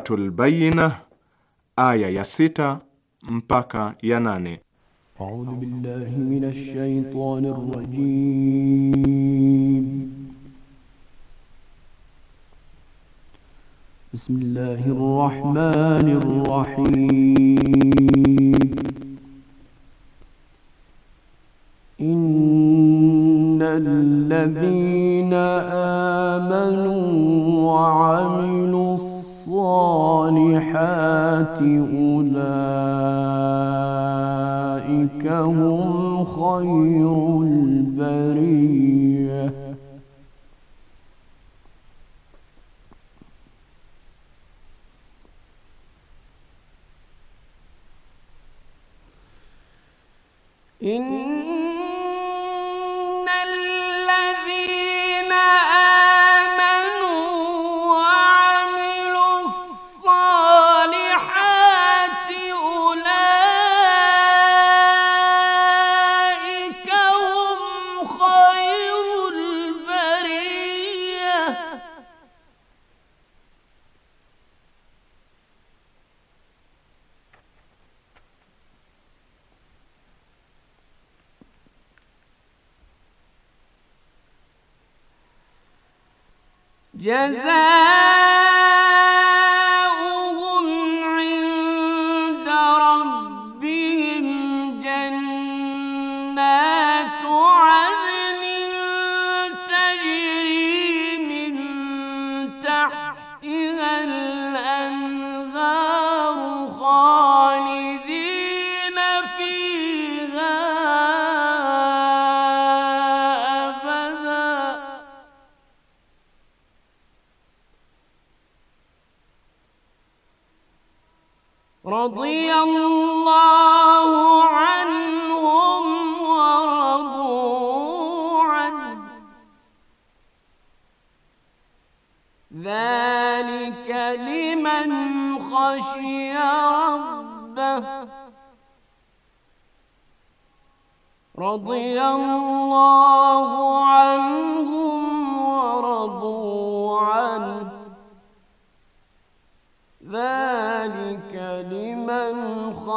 Suratul Bayyina aya ya sita mpaka ya nane. A'udhu billahi minash shaitani أولئك هم خير البريد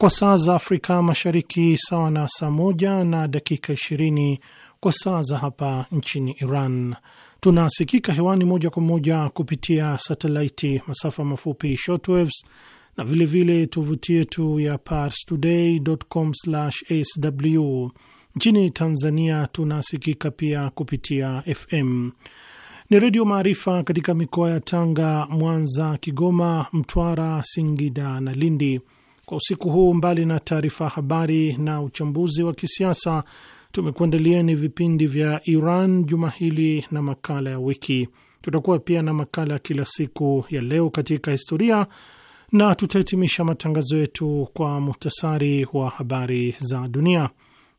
kwa saa za Afrika Mashariki, sawa na saa moja na dakika 20 kwa saa za hapa nchini Iran. Tunasikika hewani moja kwa moja kupitia satelaiti, masafa mafupi shortwaves, na vilevile tovuti yetu ya parstoday.com/sw. Nchini Tanzania tunasikika pia kupitia FM ni Redio Maarifa katika mikoa ya Tanga, Mwanza, Kigoma, Mtwara, Singida na Lindi kwa usiku huu, mbali na taarifa habari na uchambuzi wa kisiasa, tumekuandalieni vipindi vya Iran juma hili na makala ya wiki. Tutakuwa pia na makala ya kila siku ya leo katika historia, na tutahitimisha matangazo yetu kwa muhtasari wa habari za dunia.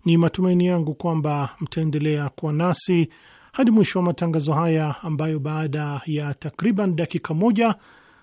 Ni matumaini yangu kwamba mtaendelea kuwa nasi hadi mwisho wa matangazo haya ambayo baada ya takriban dakika moja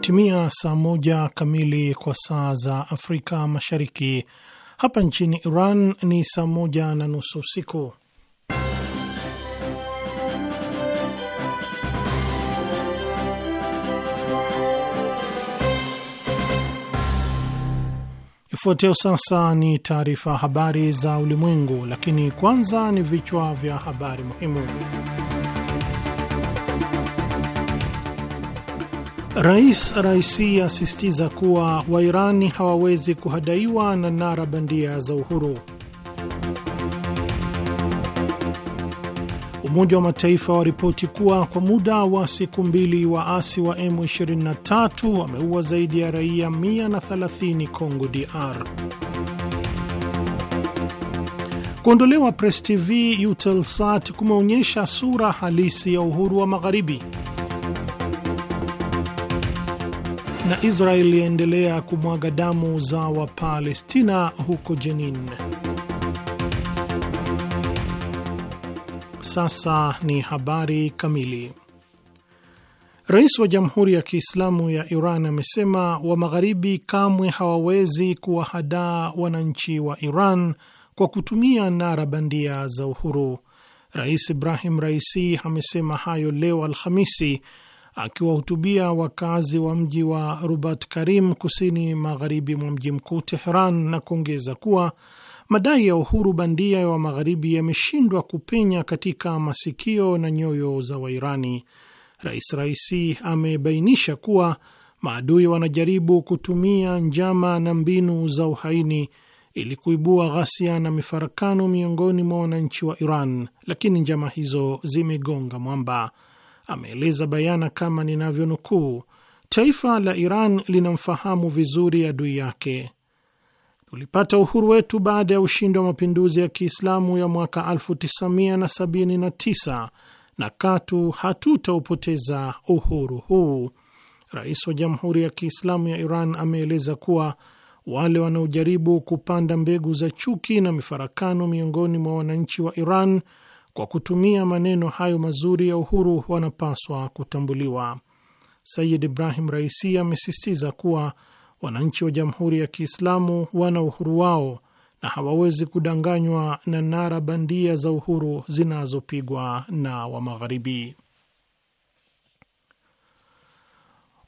Imetimia saa moja kamili kwa saa za Afrika Mashariki. Hapa nchini Iran ni saa moja na nusu usiku. Ifuatayo sasa ni taarifa habari za ulimwengu, lakini kwanza ni vichwa vya habari muhimu. Rais Raisi asisitiza kuwa Wairani hawawezi kuhadaiwa na nara bandia za uhuru. Umoja wa Mataifa waripoti kuwa kwa muda wa siku mbili waasi wa M23 wameua zaidi ya raia 130 congo DR. Kuondolewa Press TV Utelsat kumeonyesha sura halisi ya uhuru wa Magharibi. na Israeli yaendelea kumwaga damu za Wapalestina huko Jenin. Sasa ni habari kamili. Rais wa Jamhuri ya Kiislamu ya Iran amesema wa Magharibi kamwe hawawezi kuwahadaa wananchi wa Iran kwa kutumia nara bandia za uhuru. Rais Ibrahim Raisi amesema hayo leo Alhamisi akiwahutubia wakazi wa mji wa Rubat Karim kusini magharibi mwa mji mkuu Tehran na kuongeza kuwa madai ya uhuru bandia wa magharibi yameshindwa kupenya katika masikio na nyoyo za Wairani. Rais Raisi amebainisha kuwa maadui wanajaribu kutumia njama na mbinu za uhaini ili kuibua ghasia na mifarakano miongoni mwa wananchi wa Iran, lakini njama hizo zimegonga mwamba ameeleza bayana kama ninavyonukuu, taifa la Iran linamfahamu vizuri adui yake. Tulipata uhuru wetu baada ya ushindi wa mapinduzi ya Kiislamu ya mwaka 1979 na, na katu hatutaupoteza uhuru huu. Rais wa Jamhuri ya Kiislamu ya Iran ameeleza kuwa wale wanaojaribu kupanda mbegu za chuki na mifarakano miongoni mwa wananchi wa Iran kwa kutumia maneno hayo mazuri ya uhuru wanapaswa kutambuliwa. Sayid Ibrahim Raisi amesisitiza kuwa wananchi wa Jamhuri ya Kiislamu wana uhuru wao na hawawezi kudanganywa na nara bandia za uhuru zinazopigwa na wa Magharibi.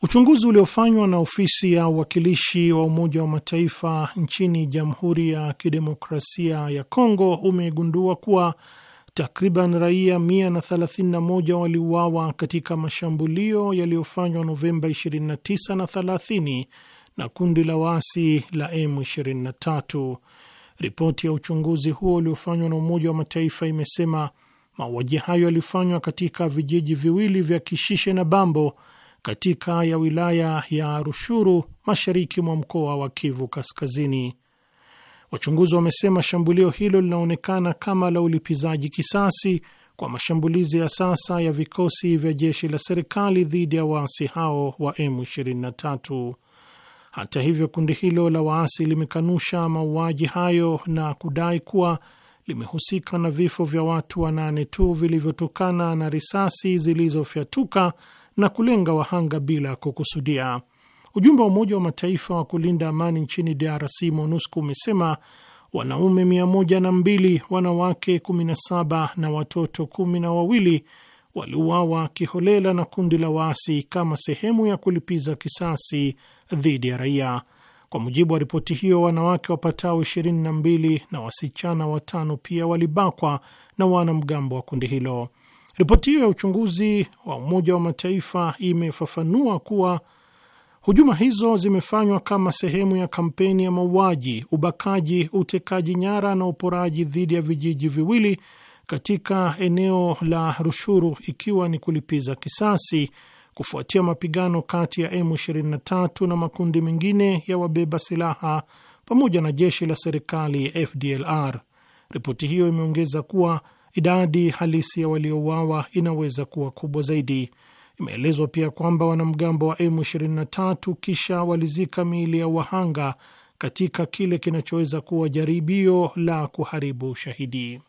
Uchunguzi uliofanywa na ofisi ya uwakilishi wa Umoja wa Mataifa nchini Jamhuri ya Kidemokrasia ya Kongo umegundua kuwa Takriban raia 131 waliuawa katika mashambulio yaliyofanywa Novemba 29 na 30 na kundi la waasi la M23. Ripoti ya uchunguzi huo uliofanywa na Umoja wa Mataifa imesema mauaji hayo yalifanywa katika vijiji viwili vya Kishishe na Bambo katika ya wilaya ya Rushuru mashariki mwa mkoa wa Kivu Kaskazini. Wachunguzi wamesema shambulio hilo linaonekana kama la ulipizaji kisasi kwa mashambulizi ya sasa ya vikosi vya jeshi la serikali dhidi ya waasi hao wa M23. Hata hivyo, kundi hilo la waasi limekanusha mauaji hayo na kudai kuwa limehusika na vifo vya watu wanane tu vilivyotokana na risasi zilizofyatuka na kulenga wahanga bila kukusudia. Ujumbe wa Umoja wa Mataifa wa kulinda amani nchini DRC, MONUSCO, umesema wanaume mbili, wanawake 17 na watoto kumi na wawili waliuawa kiholela na kundi la waasi kama sehemu ya kulipiza kisasi dhidi ya raia. Kwa mujibu wa ripoti hiyo, wanawake wapatao 22 na wasichana watano pia walibakwa na wanamgambo wa kundi hilo. Ripoti hiyo ya uchunguzi wa Umoja wa Mataifa imefafanua kuwa Hujuma hizo zimefanywa kama sehemu ya kampeni ya mauaji, ubakaji, utekaji nyara na uporaji dhidi ya vijiji viwili katika eneo la Rushuru, ikiwa ni kulipiza kisasi kufuatia mapigano kati ya M23 na makundi mengine ya wabeba silaha pamoja na jeshi la serikali FDLR. Ripoti hiyo imeongeza kuwa idadi halisi ya waliouawa inaweza kuwa kubwa zaidi. Imeelezwa pia kwamba wanamgambo wa M23 kisha walizika miili ya wahanga katika kile kinachoweza kuwa jaribio la kuharibu ushahidi.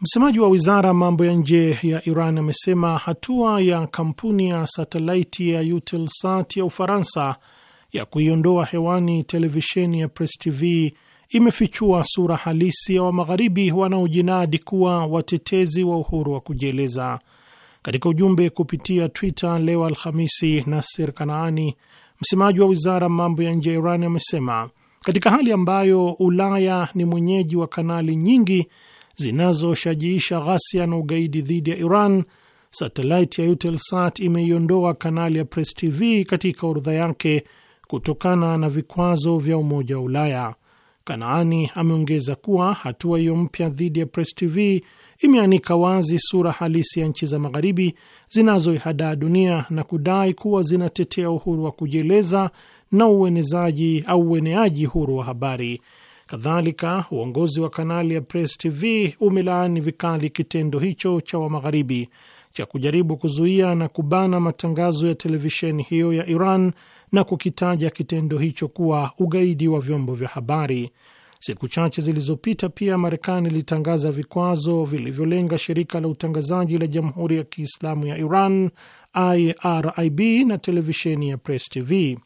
Msemaji wa wizara mambo ya nje ya Iran amesema hatua ya kampuni ya satelaiti ya Eutelsat ya Ufaransa ya kuiondoa hewani televisheni ya Press TV imefichua sura halisi ya Wamagharibi wanaojinadi kuwa watetezi wa uhuru wa kujieleza. Katika ujumbe kupitia Twitter leo Alhamisi, nasir Kanaani, msemaji wa wizara mambo ya nje ya Iran, amesema katika hali ambayo Ulaya ni mwenyeji wa kanali nyingi zinazoshajiisha ghasia na ugaidi dhidi ya Iran, satelaiti ya Eutelsat imeiondoa kanali ya Press TV katika orodha yake kutokana na vikwazo vya Umoja wa Ulaya. Kanaani ameongeza kuwa hatua hiyo mpya dhidi ya Press TV imeanika wazi sura halisi ya nchi za Magharibi zinazoihadaa dunia na kudai kuwa zinatetea uhuru wa kujieleza na uenezaji au ueneaji huru wa habari. Kadhalika, uongozi wa kanali ya Press TV umelaani vikali kitendo hicho cha Wamagharibi cha kujaribu kuzuia na kubana matangazo ya televisheni hiyo ya Iran na kukitaja kitendo hicho kuwa ugaidi wa vyombo vya habari. Siku chache zilizopita pia Marekani ilitangaza vikwazo vilivyolenga shirika la utangazaji la Jamhuri ya Kiislamu ya Iran IRIB na televisheni ya Press TV.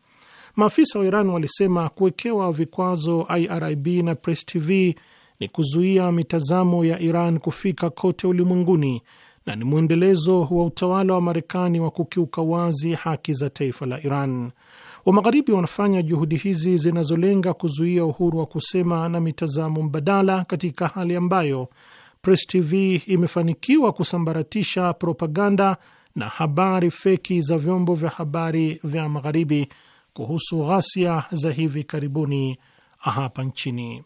Maafisa wa Iran walisema kuwekewa vikwazo IRIB na Press TV ni kuzuia mitazamo ya Iran kufika kote ulimwenguni na ni mwendelezo wa utawala wa Marekani wa kukiuka wazi haki za taifa la Iran. Wa Magharibi wanafanya juhudi hizi zinazolenga kuzuia uhuru wa kusema na mitazamo mbadala katika hali ambayo Press TV imefanikiwa kusambaratisha propaganda na habari feki za vyombo vya habari vya Magharibi kuhusu ghasia za hivi karibuni hapa nchini.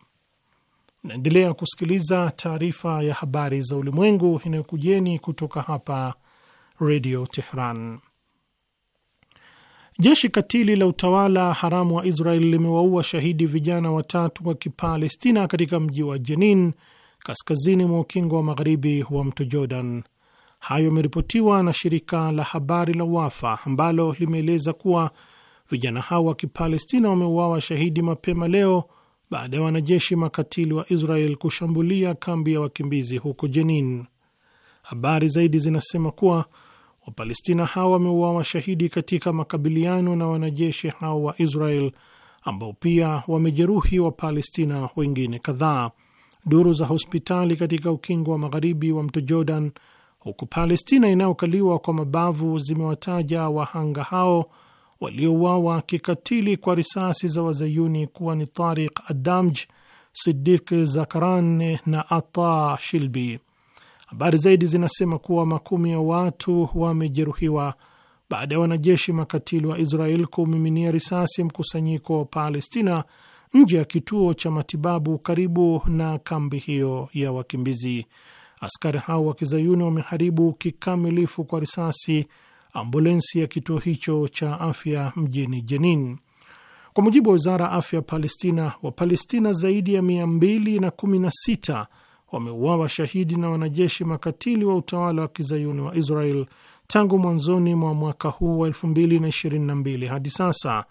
Naendelea kusikiliza taarifa ya habari za ulimwengu inayokujeni kutoka hapa Redio Tehran. Jeshi katili la utawala haramu wa Israel limewaua shahidi vijana watatu wa Kipalestina katika mji wa Jenin, kaskazini mwa ukingo wa magharibi wa mto Jordan. Hayo ameripotiwa na shirika la habari la Wafa ambalo limeeleza kuwa vijana hao wa Kipalestina wameuawa shahidi mapema leo baada ya wanajeshi makatili wa Israel kushambulia kambi ya wakimbizi huko Jenin. Habari zaidi zinasema kuwa Wapalestina hao wameuawa washahidi katika makabiliano na wanajeshi hao wa Israel ambao pia wamejeruhi Wapalestina wengine kadhaa. Duru za hospitali katika ukingo wa magharibi wa mto Jordan, huku Palestina inayokaliwa kwa mabavu, zimewataja wahanga hao waliouawa kikatili kwa risasi za wazayuni kuwa ni Tariq Adamj, Sidik Zakarane na Ata Shilbi. Habari zaidi zinasema kuwa makumi ya watu wamejeruhiwa baada ya wanajeshi makatili wa Israel kumiminia risasi mkusanyiko wa Palestina nje ya kituo cha matibabu karibu na kambi hiyo ya wakimbizi. Askari hao wa kizayuni wameharibu kikamilifu kwa risasi ambulensi ya kituo hicho cha afya mjini Jenin. Kwa mujibu wa wizara ya afya ya Palestina, Wapalestina zaidi ya 216 wameuawa shahidi na wanajeshi makatili wa utawala wa kizayuni wa Israel tangu mwanzoni mwa mwaka huu wa 2022 hadi sasa,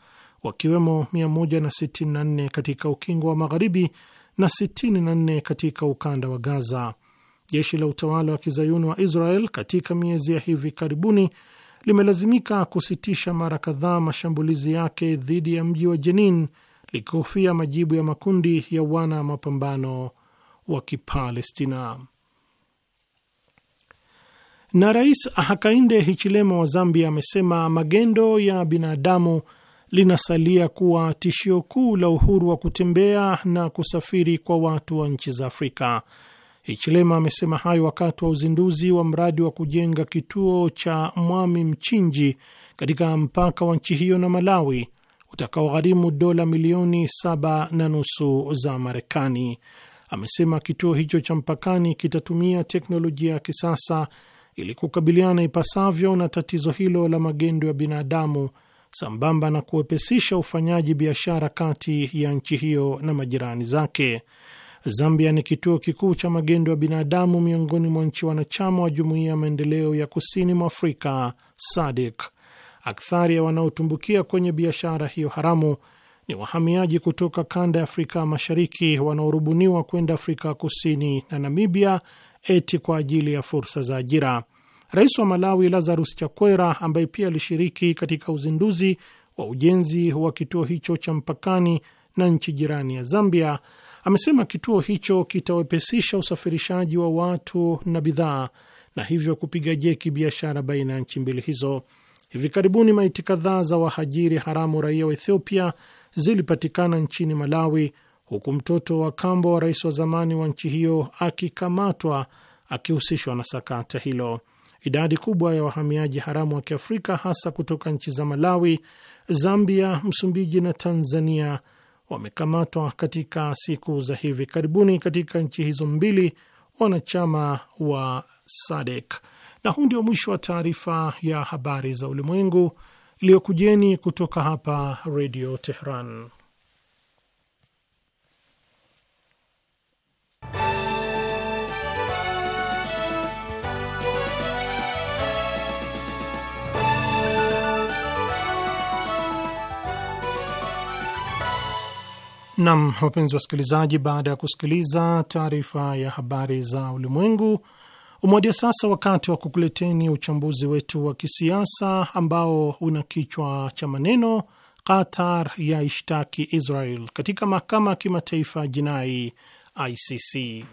wakiwemo 164 katika ukingo wa Magharibi na 64 katika ukanda wa Gaza. Jeshi la utawala wa kizayuni wa Israel katika miezi ya hivi karibuni limelazimika kusitisha mara kadhaa mashambulizi yake dhidi ya mji wa Jenin likihofia majibu ya makundi ya wana mapambano wa Kipalestina. Na Rais Hakainde Hichilema wa Zambia amesema magendo ya binadamu linasalia kuwa tishio kuu la uhuru wa kutembea na kusafiri kwa watu wa nchi za Afrika. Hichilema amesema hayo wakati wa uzinduzi wa mradi wa kujenga kituo cha Mwami Mchinji katika mpaka wa nchi hiyo na Malawi utakaogharimu dola milioni saba na nusu za Marekani. Amesema kituo hicho cha mpakani kitatumia teknolojia ya kisasa ili kukabiliana ipasavyo na tatizo hilo la magendo ya binadamu sambamba na kuwepesisha ufanyaji biashara kati ya nchi hiyo na majirani zake. Zambia ni kituo kikuu cha magendo ya binadamu miongoni mwa nchi wanachama wa Jumuiya ya Maendeleo ya Kusini mwa Afrika SADC. Akthari ya wanaotumbukia kwenye biashara hiyo haramu ni wahamiaji kutoka kanda ya Afrika Mashariki wanaorubuniwa kwenda Afrika Kusini na Namibia eti kwa ajili ya fursa za ajira. Rais wa Malawi Lazarus Chakwera, ambaye pia alishiriki katika uzinduzi wa ujenzi wa kituo hicho cha mpakani na nchi jirani ya Zambia, Amesema kituo hicho kitawepesisha usafirishaji wa watu na bidhaa na hivyo kupiga jeki biashara baina ya nchi mbili hizo. Hivi karibuni maiti kadhaa za wahajiri haramu raia wa Ethiopia zilipatikana nchini Malawi, huku mtoto wa kambo wa rais wa zamani wa nchi hiyo akikamatwa akihusishwa na sakata hilo. Idadi kubwa ya wahamiaji haramu wa Kiafrika, hasa kutoka nchi za Malawi, Zambia, Msumbiji na Tanzania wamekamatwa katika siku za hivi karibuni katika nchi hizo mbili wanachama wa SADC. Na huu ndio mwisho wa taarifa ya habari za ulimwengu iliyokujeni kutoka hapa Redio Tehran. Nam, wapenzi wasikilizaji, baada ya kusikiliza taarifa ya habari za ulimwengu, umewadia sasa wakati wa kukuleteni uchambuzi wetu wa kisiasa ambao una kichwa cha maneno Qatar ya ishtaki Israel katika mahakama ya kimataifa jinai ICC.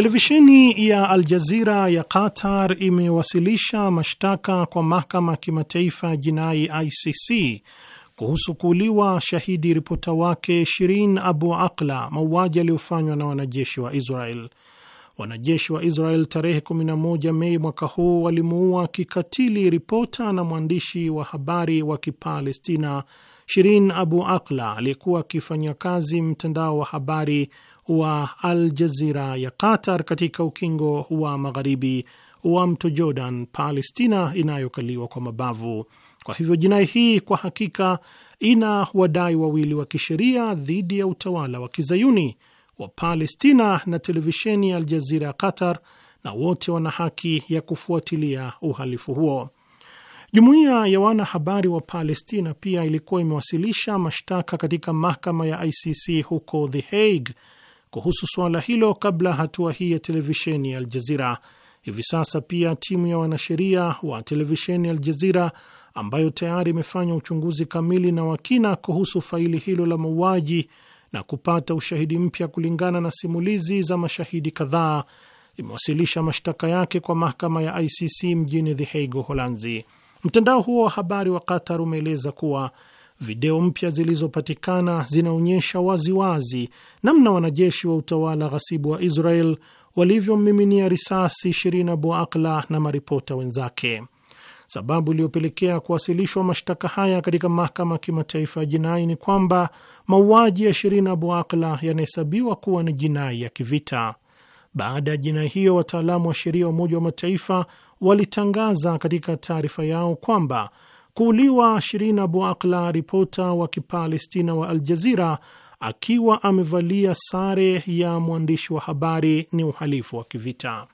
Televisheni ya Al Jazira ya Qatar imewasilisha mashtaka kwa mahakama ya kimataifa ya jinai ICC kuhusu kuuliwa shahidi ripota wake Shirin Abu Akla, mauaji yaliyofanywa na wanajeshi wa Israel. Wanajeshi wa Israel tarehe 11 Mei mwaka huu walimuua kikatili ripota na mwandishi wa habari wa Kipalestina Shirin Abu Akla aliyekuwa akifanya kazi mtandao wa habari wa Al Jazira ya Qatar katika ukingo wa magharibi wa mto Jordan, Palestina inayokaliwa kwa mabavu. Kwa hivyo jinai hii kwa hakika ina wadai wawili wa kisheria dhidi ya utawala wa kizayuni wa Palestina na televisheni ya Al Jazira ya Qatar, na wote wana haki ya kufuatilia uhalifu huo. Jumuiya ya wanahabari wa Palestina pia ilikuwa imewasilisha mashtaka katika mahakama ya ICC huko The Hague kuhusu suala hilo kabla hatua hii ya televisheni ya Aljazira. Hivi sasa pia timu ya wanasheria wa televisheni ya Aljazira ambayo tayari imefanya uchunguzi kamili na wakina kuhusu faili hilo la mauaji na kupata ushahidi mpya kulingana na simulizi za mashahidi kadhaa, imewasilisha mashtaka yake kwa mahakama ya ICC mjini The Hague, Holanzi. Mtandao huo wa habari wa Qatar umeeleza kuwa Video mpya zilizopatikana zinaonyesha waziwazi namna wanajeshi wa utawala ghasibu wa Israel walivyommiminia risasi Shirina Abu Akla na maripota wenzake. Sababu iliyopelekea kuwasilishwa mashtaka haya katika mahakama ya kimataifa ya jinai ni kwamba mauaji ya Shirina Abu Akla yanahesabiwa kuwa ni jinai ya kivita. Baada ya jinai hiyo, wataalamu wa sheria wa Umoja wa Mataifa walitangaza katika taarifa yao kwamba Kuuliwa shirin Abu Akla, ripota wa Kipalestina wa Al Jazira, akiwa amevalia sare ya mwandishi wa habari ni uhalifu wa kivita.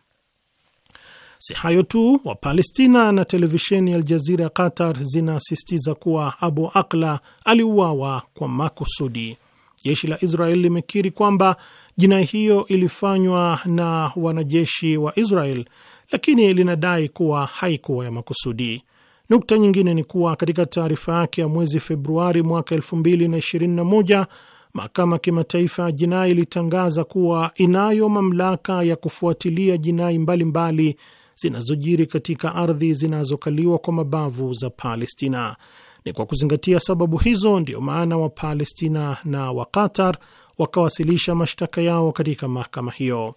Si hayo tu, Wapalestina na televisheni ya Aljazira ya Qatar zinasisitiza kuwa Abu Akla aliuawa kwa makusudi. Jeshi la Israel limekiri kwamba jinai hiyo ilifanywa na wanajeshi wa Israel, lakini linadai kuwa haikuwa ya makusudi. Nukta nyingine ni kuwa katika taarifa yake ya mwezi Februari mwaka 2021 mahakama ya kimataifa ya jinai ilitangaza kuwa inayo mamlaka ya kufuatilia jinai mbalimbali zinazojiri katika ardhi zinazokaliwa kwa mabavu za Palestina. Ni kwa kuzingatia sababu hizo ndiyo maana Wapalestina na wa Qatar wakawasilisha mashtaka yao katika mahakama hiyo.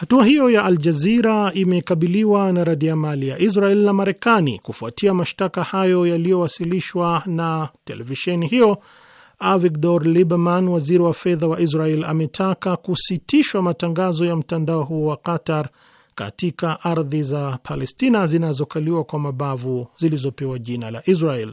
Hatua hiyo ya Al Jazira imekabiliwa na radiamali ya Israel na Marekani kufuatia mashtaka hayo yaliyowasilishwa na televisheni hiyo. Avigdor Lieberman, waziri wa fedha wa Israel, ametaka kusitishwa matangazo ya mtandao huo wa Qatar katika ardhi za Palestina zinazokaliwa kwa mabavu zilizopewa jina la Israel.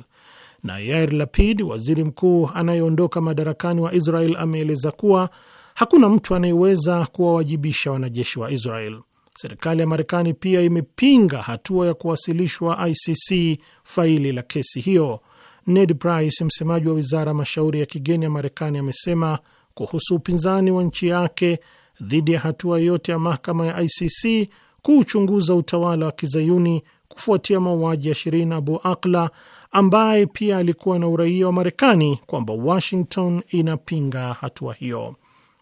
Na Yair Lapid, waziri mkuu anayeondoka madarakani wa Israel, ameeleza kuwa Hakuna mtu anayeweza kuwawajibisha wanajeshi wa Israel. Serikali ya Marekani pia imepinga hatua ya kuwasilishwa ICC faili la kesi hiyo. Ned Price, msemaji wa wizara ya mashauri ya kigeni ya Marekani, amesema kuhusu upinzani wa nchi yake dhidi ya hatua yoyote ya mahakama ya ICC kuuchunguza utawala wa kizayuni kufuatia mauaji ya Shirin Abu Akla ambaye pia alikuwa na uraia wa Marekani, kwamba Washington inapinga hatua hiyo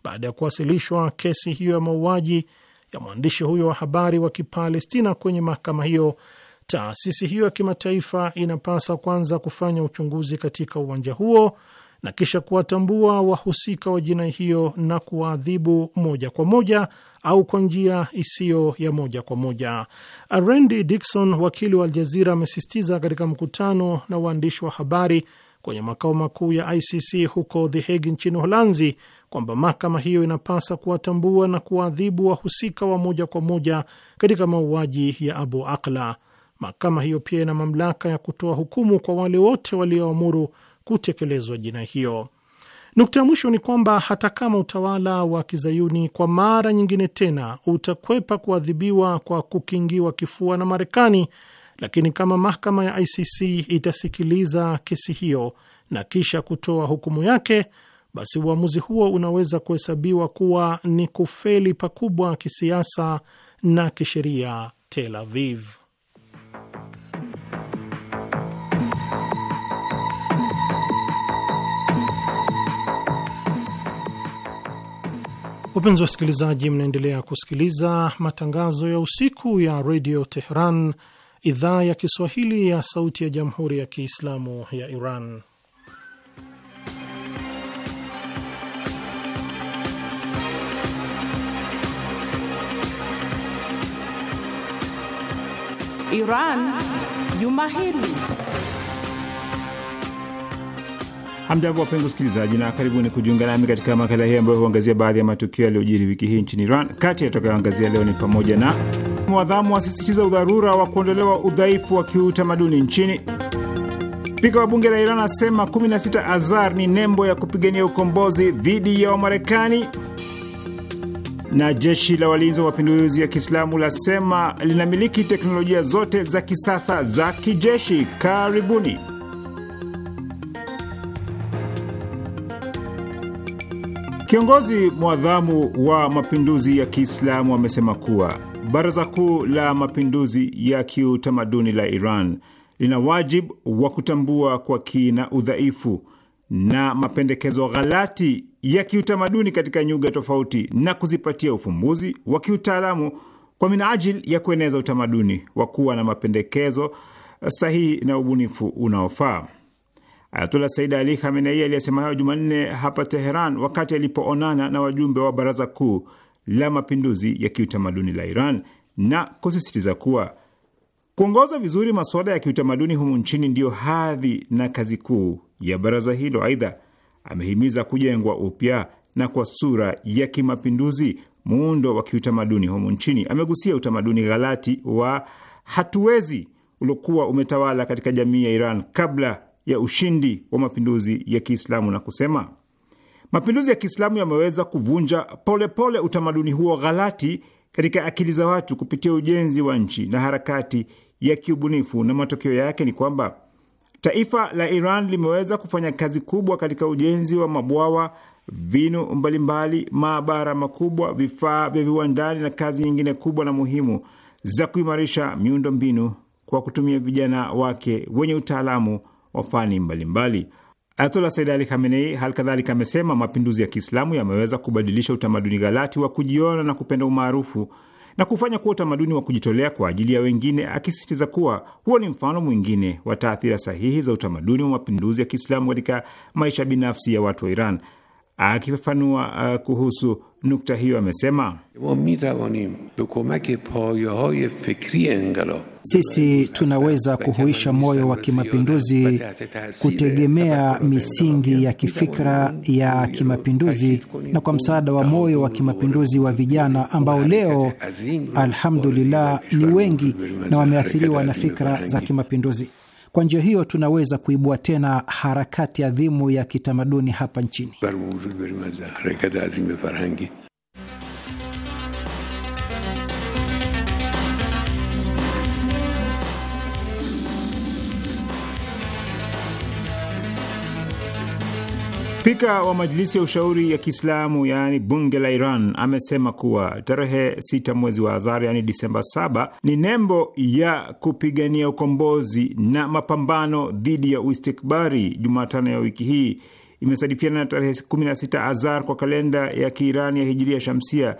baada ya kuwasilishwa kesi hiyo ya mauaji ya mwandishi huyo wa habari wa Kipalestina kwenye mahakama hiyo, taasisi hiyo ya kimataifa inapasa kwanza kufanya uchunguzi katika uwanja huo na kisha kuwatambua wahusika wa jinai hiyo na kuwaadhibu moja kwa moja au kwa njia isiyo ya moja kwa moja. Randy Dixon, wakili wa Aljazira, amesisitiza katika mkutano na waandishi wa habari kwenye makao makuu ya ICC huko The Hague nchini Uholanzi kwamba mahakama hiyo inapasa kuwatambua na kuwaadhibu wahusika wa moja kwa moja katika mauaji ya Abu Akla. Mahakama hiyo pia ina mamlaka ya kutoa hukumu kwa wale wote walioamuru kutekelezwa jinai hiyo. Nukta ya mwisho ni kwamba hata kama utawala wa kizayuni kwa mara nyingine tena utakwepa kuadhibiwa kwa kukingiwa kifua na Marekani, lakini kama mahakama ya ICC itasikiliza kesi hiyo na kisha kutoa hukumu yake, basi uamuzi huo unaweza kuhesabiwa kuwa ni kufeli pakubwa kisiasa na kisheria Tel Aviv. Wapenzi wa wasikilizaji, mnaendelea kusikiliza matangazo ya usiku ya redio Tehran, idhaa ya Kiswahili ya sauti ya jamhuri ya Kiislamu ya Iran. Iran juma hili. Hamjambo wapenzi usikilizaji, na karibuni kujiunga nami katika makala hii ambayo huangazia baadhi ya matukio yaliyojiri wiki hii nchini Iran. Kati yatakayoangazia leo ni pamoja na mwadhamu wasisitiza udharura wa kuondolewa udhaifu wa kiutamaduni nchini Spika wa bunge la Iran asema 16 Azar ni nembo ya kupigania ukombozi dhidi ya Wamarekani na jeshi la walinzi wa mapinduzi ya Kiislamu lasema linamiliki teknolojia zote za kisasa za kijeshi. Karibuni. Kiongozi mwadhamu wa mapinduzi ya Kiislamu amesema kuwa Baraza Kuu la Mapinduzi ya Kiutamaduni la Iran lina wajibu wa kutambua kwa kina udhaifu na mapendekezo ghalati ya kiutamaduni katika nyuga tofauti na kuzipatia ufumbuzi wa kiutaalamu kwa minajili ya kueneza utamaduni wa kuwa na mapendekezo sahihi na ubunifu unaofaa. Ayatullah Said Ali Khamenei aliyesema hayo Jumanne hapa Teheran wakati alipoonana na wajumbe wa Baraza Kuu la Mapinduzi ya Kiutamaduni la Iran na kusisitiza kuwa kuongoza vizuri masuala ya kiutamaduni humu nchini ndiyo hadhi na kazi kuu ya baraza hilo. Aidha, amehimiza kujengwa upya na kwa sura ya kimapinduzi muundo wa kiutamaduni humu nchini. Amegusia utamaduni ghalati wa hatuwezi uliokuwa umetawala katika jamii ya Iran kabla ya ushindi wa mapinduzi ya Kiislamu na kusema mapinduzi ya Kiislamu yameweza kuvunja polepole pole utamaduni huo ghalati katika akili za watu kupitia ujenzi wa nchi na harakati ya kiubunifu, na matokeo yake ni kwamba Taifa la Iran limeweza kufanya kazi kubwa katika ujenzi wa mabwawa, vinu mbalimbali, maabara makubwa, vifaa vya viwandani na kazi nyingine kubwa na muhimu za kuimarisha miundo mbinu kwa kutumia vijana wake wenye utaalamu wa fani mbalimbali. Ayatola Said Ali Khamenei hali kadhalika amesema mapinduzi ya Kiislamu yameweza kubadilisha utamaduni ghalati wa kujiona na kupenda umaarufu na kufanya kuwa utamaduni wa kujitolea kwa ajili ya wengine, akisisitiza kuwa huo ni mfano mwingine wa taathira sahihi za utamaduni wa mapinduzi ya Kiislamu katika maisha binafsi ya watu wa Iran. Akifafanua uh, kuhusu nukta hiyo amesema, sisi tunaweza kuhuisha moyo wa kimapinduzi kutegemea misingi ya kifikra ya kimapinduzi na kwa msaada wa moyo wa kimapinduzi wa vijana ambao leo alhamdulillah ni wengi na wameathiriwa na fikra za kimapinduzi. Kwa njia hiyo tunaweza kuibua tena harakati adhimu ya kitamaduni hapa nchini. Spika wa Majilisi ya Ushauri ya Kiislamu yaani bunge la Iran amesema kuwa tarehe sita mwezi wa Azar yaani Disemba saba ni nembo ya kupigania ukombozi na mapambano dhidi ya uistikbari. Jumatano ya wiki hii imesadifiana na tarehe 16 Azar kwa kalenda ya Kiirani ya hijiria shamsia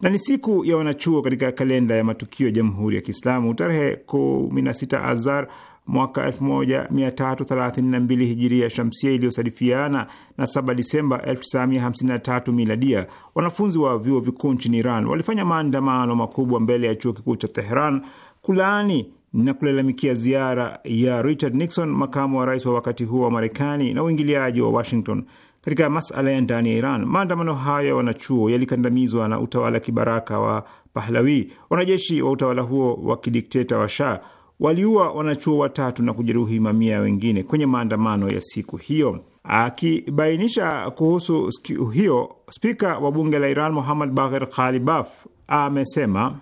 na ni siku ya wanachuo katika kalenda ya matukio ya Jamhuri ya Kiislamu. Tarehe 16 Azar mwaka 1332 hijiria shamsia iliyosadifiana na 7 Disemba 1953 miladia, wanafunzi wa vyuo vikuu nchini Iran walifanya maandamano makubwa mbele ya chuo kikuu cha Teheran kulaani na kulalamikia ziara ya Richard Nixon, makamu wa rais wa wakati huo wa Marekani, na uingiliaji wa Washington katika masala ya ndani ya Iran. Maandamano hayo ya wanachuo yalikandamizwa na utawala kibaraka wa Pahlawi. Wanajeshi wa utawala huo wa kidikteta wa Shah waliua wanachuo watatu na kujeruhi mamia wengine kwenye maandamano ya siku hiyo. Akibainisha kuhusu siku hiyo, spika wa bunge la Iran Muhammad Bagher Ghalibaf amesema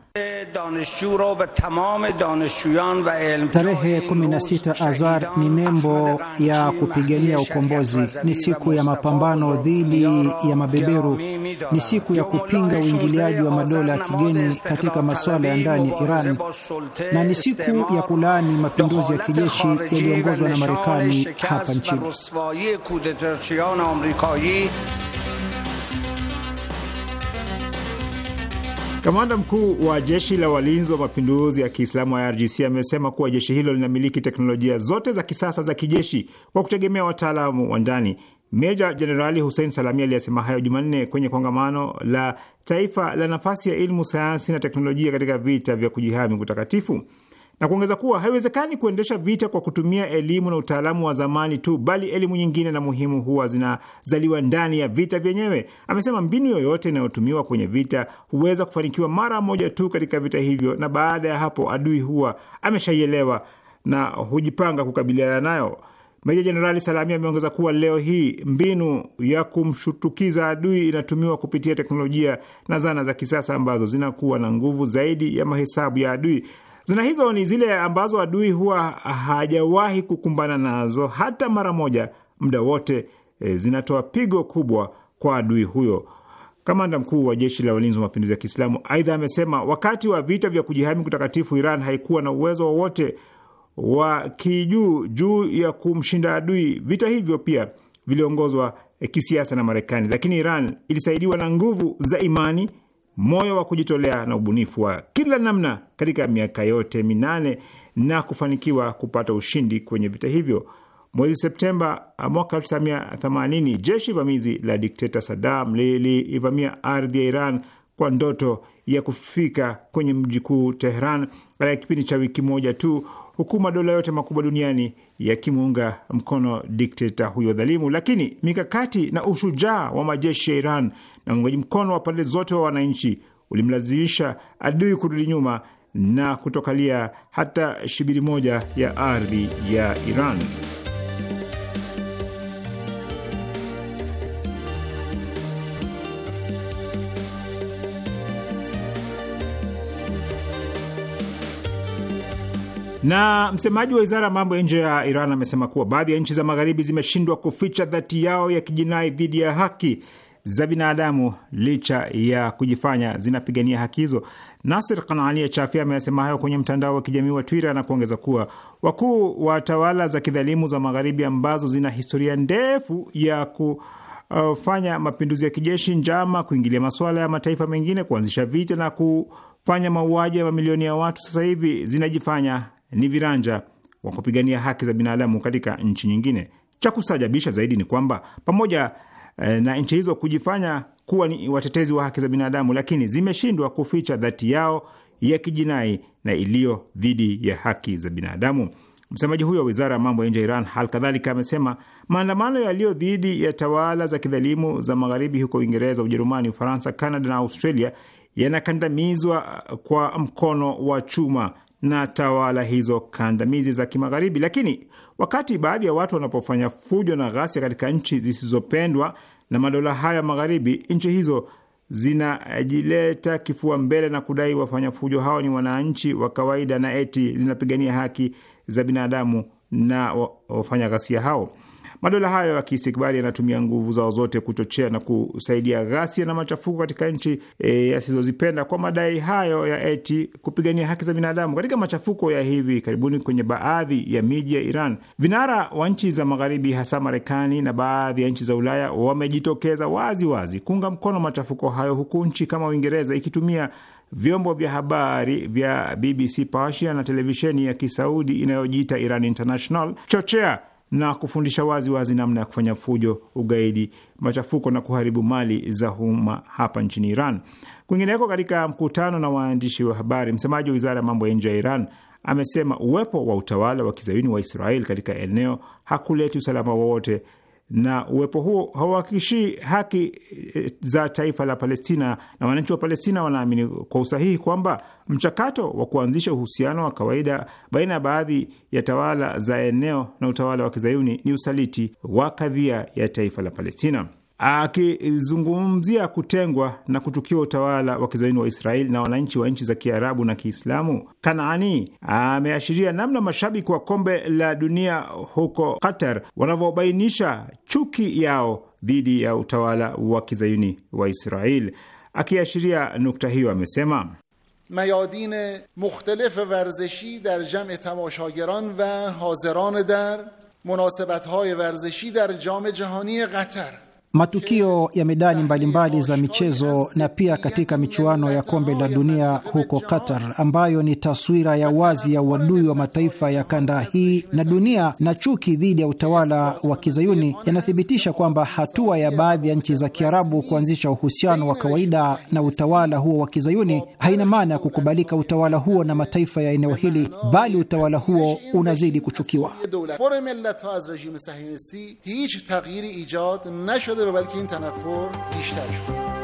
Tarehe 16 Azar ni nembo ya kupigania ukombozi, ni siku ya mapambano dhidi ya mabeberu, ni siku ya kupinga uingiliaji wa madola ya kigeni katika masuala ya ndani ya Iran, na ni siku ya kulaani mapinduzi ya kijeshi yaliyoongozwa na Marekani hapa nchini. Kamanda mkuu wa jeshi la walinzi wa mapinduzi ya Kiislamu IRGC amesema kuwa jeshi hilo linamiliki teknolojia zote za kisasa za kijeshi kwa kutegemea wataalamu wa ndani. Meja Jenerali Hussein Salami aliyesema hayo Jumanne kwenye kongamano la taifa la nafasi ya ilmu sayansi na teknolojia katika vita vya kujihami kutakatifu na kuongeza kuwa haiwezekani kuendesha vita kwa kutumia elimu na utaalamu wa zamani tu, bali elimu nyingine na muhimu huwa zinazaliwa ndani ya vita vyenyewe. Amesema mbinu yoyote inayotumiwa kwenye vita huweza kufanikiwa mara moja tu katika vita hivyo, na baada ya hapo adui huwa ameshaielewa na hujipanga kukabiliana nayo. Meja Jenerali Salami ameongeza kuwa leo hii mbinu ya kumshutukiza adui inatumiwa kupitia teknolojia na zana za kisasa ambazo zinakuwa na nguvu zaidi ya mahesabu ya adui. Zana hizo ni zile ambazo adui huwa hajawahi kukumbana nazo hata mara moja. Muda wote e, zinatoa pigo kubwa kwa adui huyo. Kamanda mkuu wa jeshi la walinzi wa mapinduzi ya Kiislamu aidha amesema wakati wa vita vya kujihami kutakatifu, Iran haikuwa na uwezo wowote wa kijuu juu ya kumshinda adui. Vita hivyo pia viliongozwa e, kisiasa na Marekani, lakini Iran ilisaidiwa na nguvu za imani moyo wa kujitolea na ubunifu wa kila namna katika miaka yote minane na kufanikiwa kupata ushindi kwenye vita hivyo. Mwezi Septemba mwaka 1980 jeshi vamizi la dikteta Saddam liliivamia ardhi ya Iran kwa ndoto ya kufika kwenye mji kuu Tehran ya kipindi cha wiki moja tu, huku madola yote makubwa duniani yakimuunga mkono dikteta huyo dhalimu. Lakini mikakati na ushujaa wa majeshi ya Iran na uungaji mkono wa pande zote wa wananchi ulimlazimisha adui kurudi nyuma na kutokalia hata shibiri moja ya ardhi ya Iran. Na msemaji wa wizara ya mambo ya nje ya Iran amesema kuwa baadhi ya nchi za Magharibi zimeshindwa kuficha dhati yao ya kijinai dhidi ya haki za binadamu licha ya kujifanya zinapigania haki hizo. Nasir Kanani ya Chafi ameyasema hayo kwenye mtandao wa kijamii wa Twitter na kuongeza kuwa wakuu wa tawala za kidhalimu za Magharibi ambazo zina historia ndefu ya ku fanya mapinduzi ya kijeshi, njama, kuingilia masuala ya mataifa mengine, kuanzisha vita na kufanya mauaji ya mamilioni ya watu, sasa hivi zinajifanya ni viranja wa kupigania haki za binadamu katika nchi nyingine. Cha kusajabisha zaidi ni kwamba pamoja Eh, na nchi hizo kujifanya kuwa ni watetezi wa haki za binadamu, lakini zimeshindwa kuficha dhati yao ya kijinai na iliyo dhidi ya haki za binadamu. Msemaji huyo wa wizara ya mambo ya nje ya Iran hal kadhalika amesema maandamano yaliyo dhidi ya tawala za kidhalimu za magharibi huko Uingereza, Ujerumani, Ufaransa, Kanada na Australia yanakandamizwa kwa mkono wa chuma na tawala hizo kandamizi za Kimagharibi. Lakini wakati baadhi ya watu wanapofanya fujo na ghasia katika nchi zisizopendwa na madola haya magharibi, nchi hizo zinajileta kifua mbele na kudai wafanya fujo hao ni wananchi wa kawaida na eti zinapigania haki za binadamu na wafanya ghasia hao. Madola hayo ya kiistikbari yanatumia nguvu zao zote kuchochea na kusaidia ghasia na machafuko katika nchi e, yasizozipenda kwa madai hayo ya eti kupigania haki za binadamu. Katika machafuko ya hivi karibuni kwenye baadhi ya miji ya Iran, vinara wa nchi za Magharibi, hasa Marekani na baadhi ya nchi za Ulaya, wamejitokeza wazi wazi kuunga mkono machafuko hayo, huku nchi kama Uingereza ikitumia vyombo vya habari vya BBC Persia na televisheni ya kisaudi inayojiita Iran International chochea na kufundisha wazi wazi namna ya kufanya fujo, ugaidi, machafuko na kuharibu mali za umma hapa nchini Iran. Kwingineko, katika mkutano na waandishi wa habari, msemaji wa wizara ya mambo ya nje ya Iran amesema uwepo wa utawala wa kizayuni wa israel katika eneo hakuleti usalama wowote na uwepo huo hauhakikishii haki e, za taifa la Palestina, na wananchi wa Palestina wanaamini kwa usahihi kwamba mchakato wa kuanzisha uhusiano wa kawaida baina ya baadhi ya tawala za eneo na utawala wa kizayuni ni usaliti wa kadhia ya taifa la Palestina akizungumzia kutengwa na kutukiwa utawala wa kizaini wa Israeli na wananchi wa nchi za Kiarabu na Kiislamu, Kanaani ameashiria namna mashabiki wa kombe la dunia huko Qatar wanavyobainisha chuki yao dhidi ya utawala wa kizayuni wa Israeli. Akiashiria nukta hiyo, amesema mayadin mukhtalif warzishi dar jam tamashagiran va haziran dar munasabathay warzishi dar jam jahani qatar Matukio ya medani mbalimbali za michezo na pia katika michuano ya kombe la dunia huko Qatar, ambayo ni taswira ya wazi ya uadui wa mataifa ya kanda hii na dunia na chuki dhidi ya utawala wa kizayuni yanathibitisha kwamba hatua ya baadhi ya nchi za Kiarabu kuanzisha uhusiano wa kawaida na utawala huo wa kizayuni haina maana ya kukubalika utawala huo na mataifa ya eneo hili, bali utawala huo unazidi kuchukiwa. شده و بلکه این تنفر بیشتر شد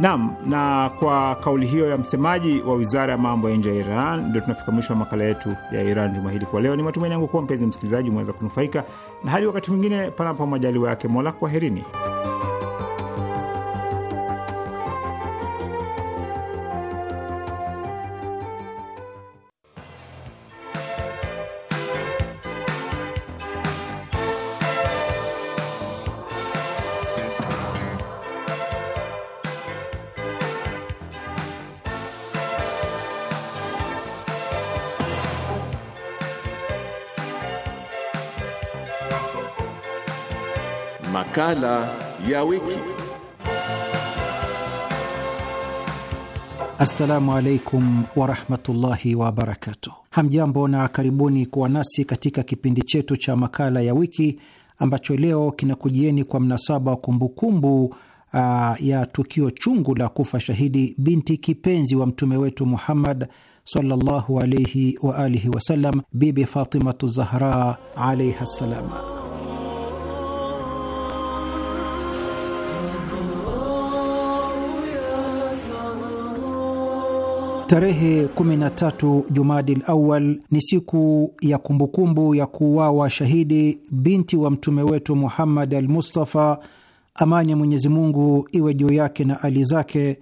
Naam, na kwa kauli hiyo ya msemaji wa wizara ya mambo ya nje ya Iran ndio tunafika mwisho wa makala yetu ya Iran juma hili kwa leo. Ni matumaini yangu kuwa mpenzi msikilizaji umeweza kunufaika, na hadi wakati mwingine, panapo majaliwa yake Mola, kwaherini. makala ya wiki. Assalamu alaikum warahmatullahi wabarakatuh. Hamjambo na karibuni kuwa nasi katika kipindi chetu cha makala ya wiki ambacho leo kinakujieni kwa mnasaba wa kumbukumbu uh, ya tukio chungu la kufa shahidi binti kipenzi wa mtume wetu Muhammad sallallahu alaihi wa alihi wasallam, Bibi Fatimatu Zahra alaiha ssalama. Tarehe 13 Jumadil Awal ni siku ya kumbukumbu ya kuuawa shahidi binti wa mtume wetu Muhammad al Mustafa, amani ya Mwenyezi Mungu iwe juu yake na ali zake,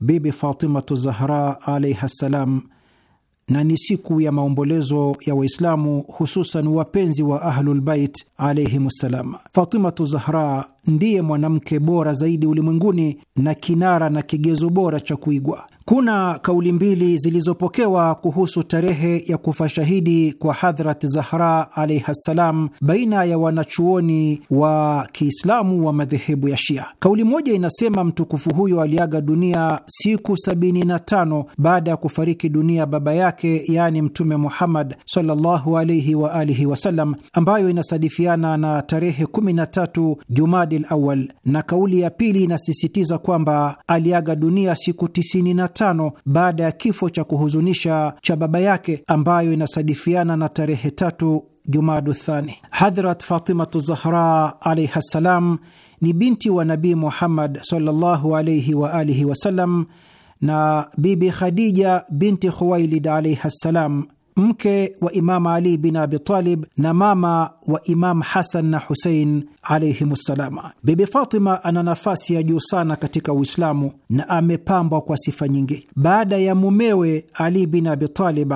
Bibi Fatimatu Zahra alaihi ssalam, na ni siku ya maombolezo ya Waislamu, hususan wapenzi wa Ahlulbait alaihim ssalam. Fatimatu Zahra ndiye mwanamke bora zaidi ulimwenguni na kinara na kigezo bora cha kuigwa. Kuna kauli mbili zilizopokewa kuhusu tarehe ya kufa shahidi kwa Hadhrat Zahra alaihi ssalam baina ya wanachuoni wa Kiislamu wa madhehebu ya Shia. Kauli moja inasema mtukufu huyo aliaga dunia siku 75 baada ya kufariki dunia baba yake, yaani Mtume Muhammad sallallahu alaihi wa alihi wasallam, ambayo inasadifiana na tarehe 13 Jumadil Awal, na kauli ya pili inasisitiza kwamba aliaga dunia siku 9 tano baada ya kifo cha kuhuzunisha cha baba yake ambayo inasadifiana na tarehe tatu Jumadu Thani. Hadhrat Fatimatu Zahra alaiha ssalam ni binti wa Nabii Muhammad sallallahu alaihi wa alihi wasallam na Bibi Khadija binti Khuwailid alaiha ssalam mke wa Imam Ali bin Abi Talib na mama wa Imam Hasan na Husein alaihimussalama. Bibi Fatima ana nafasi ya juu sana katika Uislamu na amepambwa kwa sifa nyingi. Baada ya mumewe Ali bin Abi Talib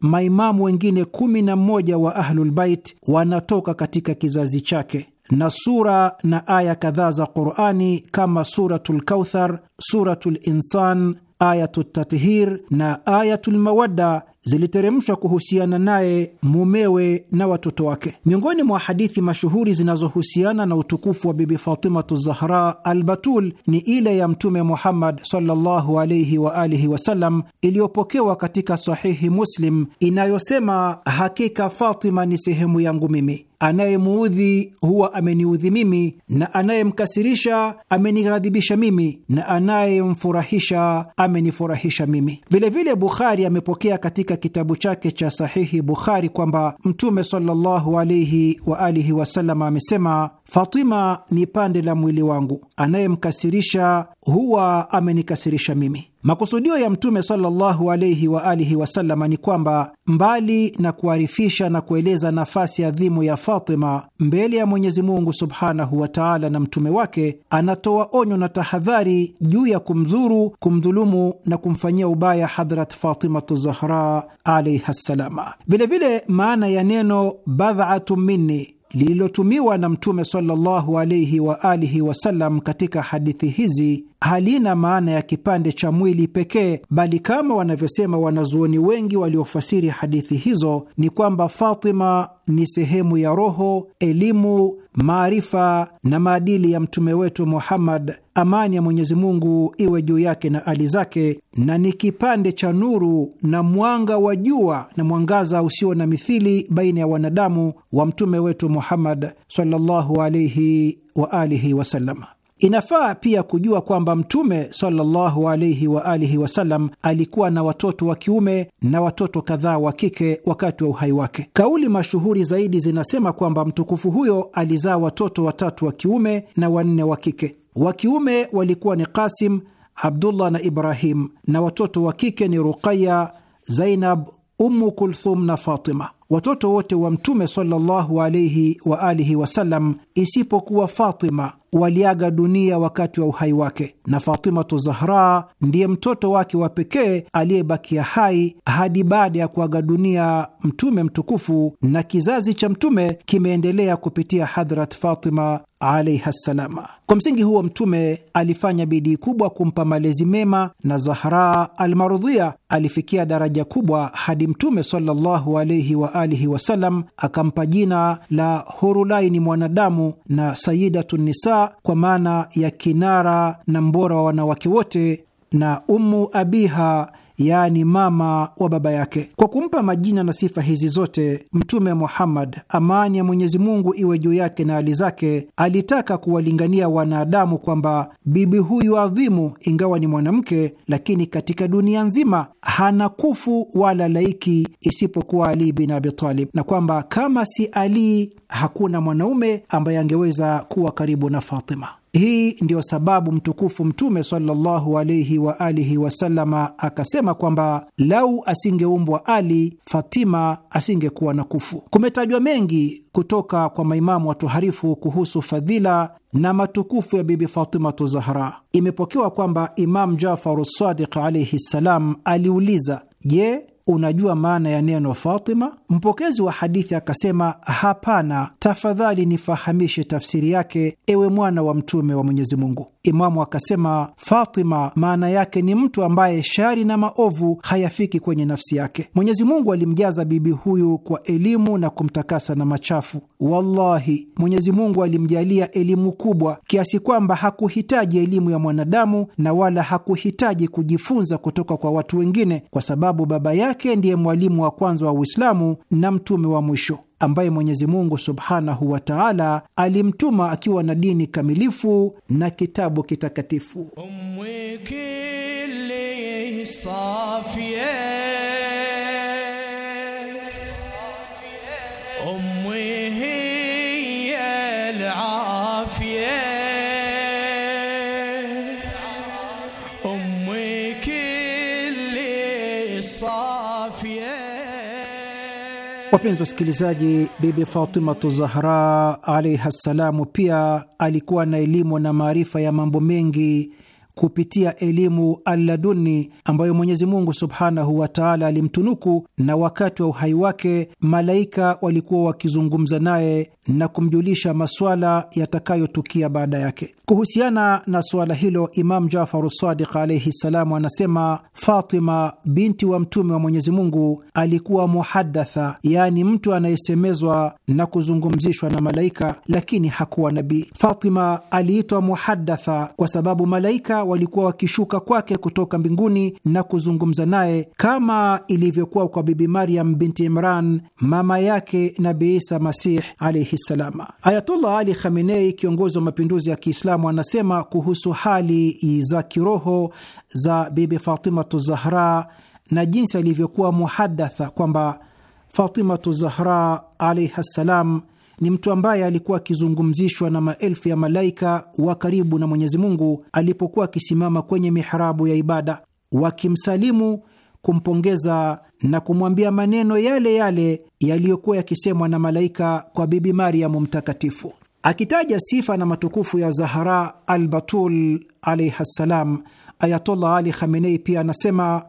maimamu wengine kumi na mmoja wa Ahlulbait wanatoka katika kizazi chake na sura na aya kadhaa za Qurani kama surat lkauthar surat linsan Ayatu Tathir na ayatu lmawadda ziliteremshwa kuhusiana naye, mumewe na watoto wake. Miongoni mwa hadithi mashuhuri zinazohusiana na utukufu wa Bibi Fatimatu Zahra al batul ni ile ya Mtume Muhammad sallallahu alaihi wa alihi wasallam iliyopokewa katika Sahihi Muslim inayosema, hakika Fatima ni sehemu yangu mimi Anayemuudhi huwa ameniudhi mimi, na anayemkasirisha amenighadhibisha mimi, na anayemfurahisha amenifurahisha mimi. Vilevile Bukhari amepokea katika kitabu chake cha Sahihi Bukhari kwamba Mtume sallallahu alaihi wasallam amesema, Fatima ni pande la mwili wangu, anayemkasirisha huwa amenikasirisha mimi. Makusudio ya Mtume sallallahu alaihi wa alihi wasallam ni kwamba mbali na kuarifisha na kueleza nafasi adhimu ya Fatima mbele ya Mwenyezi Mungu subhanahu wa taala na mtume wake, anatoa onyo na tahadhari juu ya kumdhuru, kumdhulumu na kumfanyia ubaya Hadhrat Fatimatu Zahra alaiha ssalama. Vilevile maana ya neno badhatu minni lililotumiwa na Mtume sallallahu alaihi wa alihi wasallam katika hadithi hizi halina maana ya kipande cha mwili pekee, bali kama wanavyosema wanazuoni wengi waliofasiri hadithi hizo ni kwamba Fatima ni sehemu ya roho, elimu, maarifa na maadili ya mtume wetu Muhammad, amani ya Mwenyezi Mungu iwe juu yake na ali zake, na ni kipande cha nuru na mwanga wa jua na mwangaza usio na mithili baina ya wanadamu wa mtume wetu Muhammad sallallahu alaihi wa alihi wasallam. Inafaa pia kujua kwamba Mtume sallallahu alaihi wa alihi wasallam alikuwa na watoto wa kiume na watoto kadhaa wa kike wakati wa uhai wake. Kauli mashuhuri zaidi zinasema kwamba mtukufu huyo alizaa watoto watatu wa kiume na wanne wa kike. Wa kiume walikuwa ni kasim Abdullah na Ibrahim, na watoto wa kike ni Ruqaya, Zainab, Ummu Kulthum na Fatima. Watoto wote wa Mtume sallallahu alaihi wa alihi wasallam isipokuwa Fatima waliaga dunia wakati wa uhai wake, na Fatimatu Zahra ndiye mtoto wake wa pekee aliyebakia hai hadi baada ya kuaga dunia Mtume mtukufu, na kizazi cha Mtume kimeendelea kupitia Hadhrat Fatima alaiha ssalama. Kwa msingi huo, Mtume alifanya bidii kubwa kumpa malezi mema, na Zahra Almarudhia alifikia daraja kubwa hadi Mtume sallallahu alaihi wa alihi wasallam akampa jina la Hurulaini mwanadamu na Sayidatu Nisa kwa maana ya kinara na mbora wa wanawake wote, na Ummu Abiha yaani mama wa baba yake. Kwa kumpa majina na sifa hizi zote, Mtume Muhammad, amani ya Mwenyezi Mungu iwe juu yake na hali zake, alitaka kuwalingania wanadamu kwamba bibi huyu adhimu, ingawa ni mwanamke, lakini katika dunia nzima hana kufu wala laiki isipokuwa Ali bin Abi Talib, na kwamba kama si Ali hakuna mwanaume ambaye angeweza kuwa karibu na Fatima. Hii ndiyo sababu mtukufu Mtume sallallahu alaihi wa alihi wasallama akasema kwamba lau asingeumbwa Ali, Fatima asingekuwa na kufu. Kumetajwa mengi kutoka kwa maimamu watoharifu kuhusu fadhila na matukufu ya Bibi Fatimatu Zahra. Imepokewa kwamba imamu Jafaru Sadiq alaihi ssalam aliuliza, je, unajua maana ya neno Fatima? Mpokezi wa hadithi akasema, hapana, tafadhali nifahamishe tafsiri yake, ewe mwana wa mtume wa Mwenyezi Mungu. Imamu akasema, Fatima maana yake ni mtu ambaye shari na maovu hayafiki kwenye nafsi yake. Mwenyezi Mungu alimjaza bibi huyu kwa elimu na kumtakasa na machafu. Wallahi, Mwenyezi Mungu alimjalia elimu kubwa kiasi kwamba hakuhitaji elimu ya mwanadamu na wala hakuhitaji kujifunza kutoka kwa watu wengine, kwa sababu baba yake ndiye mwalimu wa kwanza wa Uislamu na mtume wa mwisho ambaye Mwenyezi Mungu subhanahu wa taala alimtuma akiwa na dini kamilifu na kitabu kitakatifu. Wapenzi wasikilizaji, Bibi Fatimatu Zahra alaihi ssalamu pia alikuwa na elimu na maarifa ya mambo mengi kupitia elimu alladuni ambayo Mwenyezi Mungu subhanahu wa taala alimtunuku, na wakati wa uhai wake malaika walikuwa wakizungumza naye na kumjulisha masuala yatakayotukia baada yake. Kuhusiana na suala hilo, Imam Jafaru Sadiq alaihi ssalamu anasema Fatima binti wa Mtume wa Mwenyezi Mungu alikuwa muhadatha, yaani mtu anayesemezwa na kuzungumzishwa na malaika, lakini hakuwa nabii. Fatima aliitwa muhadatha kwa sababu malaika walikuwa wakishuka kwake kutoka mbinguni na kuzungumza naye kama ilivyokuwa kwa Bibi Maryam binti Imran, mama yake Nabi Isa Masih alaihi alaihi ssalam. Ayatullah Ali Khamenei, kiongozi wa mapinduzi ya Kiislamu, anasema kuhusu hali za kiroho za Bibi Fatimatu Zahra na jinsi alivyokuwa muhadatha kwamba Fatimatu Zahra alaihi ssalam ni mtu ambaye alikuwa akizungumzishwa na maelfu ya malaika wa karibu na Mwenyezi Mungu alipokuwa akisimama kwenye mihrabu ya ibada, wakimsalimu, kumpongeza na kumwambia maneno yale yale yaliyokuwa yakisemwa na malaika kwa Bibi Mariamu mtakatifu, akitaja sifa na matukufu ya Zahara al-Batul alaihi ssalam. Ayatollah Ali Khamenei pia anasema,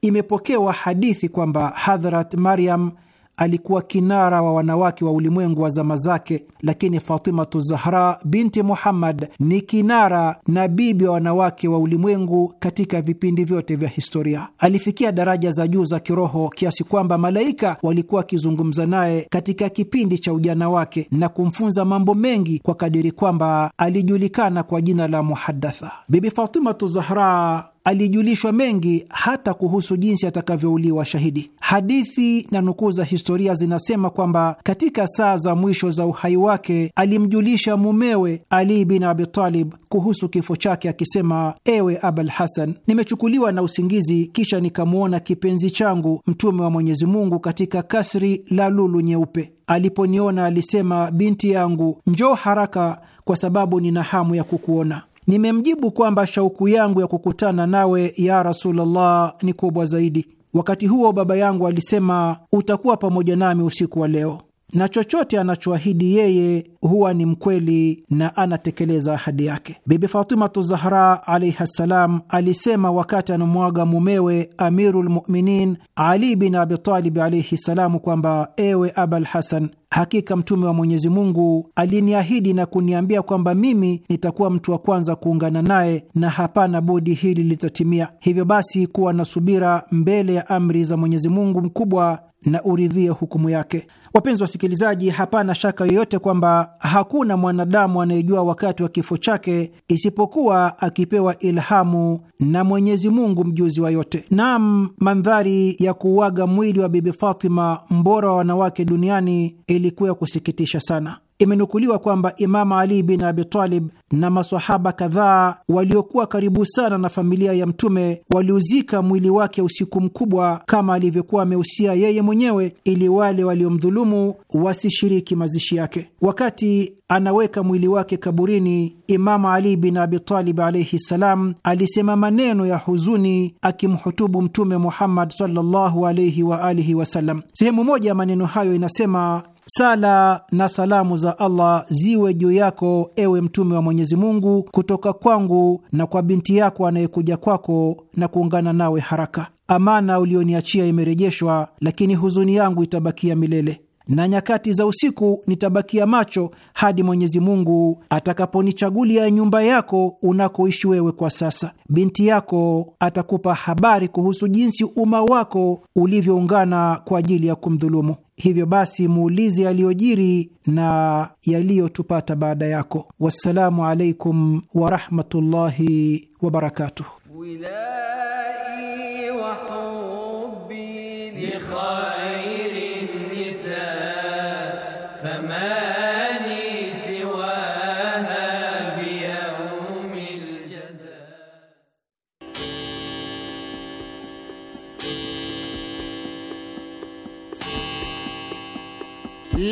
imepokewa hadithi kwamba Hadhrat Mariam alikuwa kinara wa wanawake wa ulimwengu wa zama zake, lakini Fatimatu Zahra binti Muhammad ni kinara na bibi wa wanawake wa ulimwengu katika vipindi vyote vya historia. Alifikia daraja za juu za kiroho kiasi kwamba malaika walikuwa wakizungumza naye katika kipindi cha ujana wake na kumfunza mambo mengi, kwa kadiri kwamba alijulikana kwa jina la Muhadatha. Bibi Fatimatu Zahra alijulishwa mengi hata kuhusu jinsi atakavyouliwa shahidi. Hadithi na nukuu za historia zinasema kwamba katika saa za mwisho za uhai wake alimjulisha mumewe Ali bin Abi Talib kuhusu kifo chake akisema, ewe Abul Hasan, nimechukuliwa na usingizi, kisha nikamwona kipenzi changu Mtume wa Mwenyezi Mungu katika kasri la lulu nyeupe. Aliponiona alisema, binti yangu, njoo haraka, kwa sababu nina hamu ya kukuona. Nimemjibu kwamba shauku yangu ya kukutana nawe ya Rasulullah ni kubwa zaidi. Wakati huo baba yangu alisema, utakuwa pamoja nami usiku wa leo na chochote anachoahidi yeye huwa ni mkweli na anatekeleza ahadi yake. Bibi Fatimatu Zahra alaihi ssalam alisema wakati anamwaga mumewe Amiru lmuminin Ali bin Abitalibi alaihi ssalamu kwamba ewe Abal Hasan, hakika Mtume wa Mwenyezi Mungu aliniahidi na kuniambia kwamba mimi nitakuwa mtu wa kwanza kuungana naye na hapana budi hili litatimia. Hivyo basi, kuwa na subira mbele ya amri za Mwenyezi Mungu mkubwa na uridhie hukumu yake. Wapenzi wasikilizaji, hapana shaka yoyote kwamba hakuna mwanadamu anayejua wakati wa kifo chake isipokuwa akipewa ilhamu na Mwenyezi Mungu mjuzi wa yote. Naam, mandhari ya kuuaga mwili wa Bibi Fatima, mbora wa wanawake duniani, ilikuwa ya kusikitisha sana imenukuliwa kwamba Imamu Ali bin Abitalib na masahaba kadhaa waliokuwa karibu sana na familia ya Mtume waliuzika mwili wake usiku mkubwa kama alivyokuwa ameusia yeye mwenyewe, ili wale waliomdhulumu wasishiriki mazishi yake. Wakati anaweka mwili wake kaburini, Imamu Ali bin Abitalib alaihi ssalam alisema maneno ya huzuni akimhutubu Mtume Muhammad sallallahu alaihi waalihi wasallam. Sehemu moja ya maneno hayo inasema Sala na salamu za Allah ziwe juu yako, ewe Mtume wa Mwenyezi Mungu, kutoka kwangu na kwa binti yako anayekuja kwako na kuungana nawe haraka. Amana ulioniachia imerejeshwa, lakini huzuni yangu itabakia milele na nyakati za usiku nitabakia macho hadi Mwenyezi Mungu atakaponichagulia nyumba yako unakoishi wewe kwa sasa. Binti yako atakupa habari kuhusu jinsi umma wako ulivyoungana kwa ajili ya kumdhulumu. Hivyo basi muulize yaliyojiri na yaliyotupata baada yako. Wassalamu alaikum warahmatullahi wabarakatuh.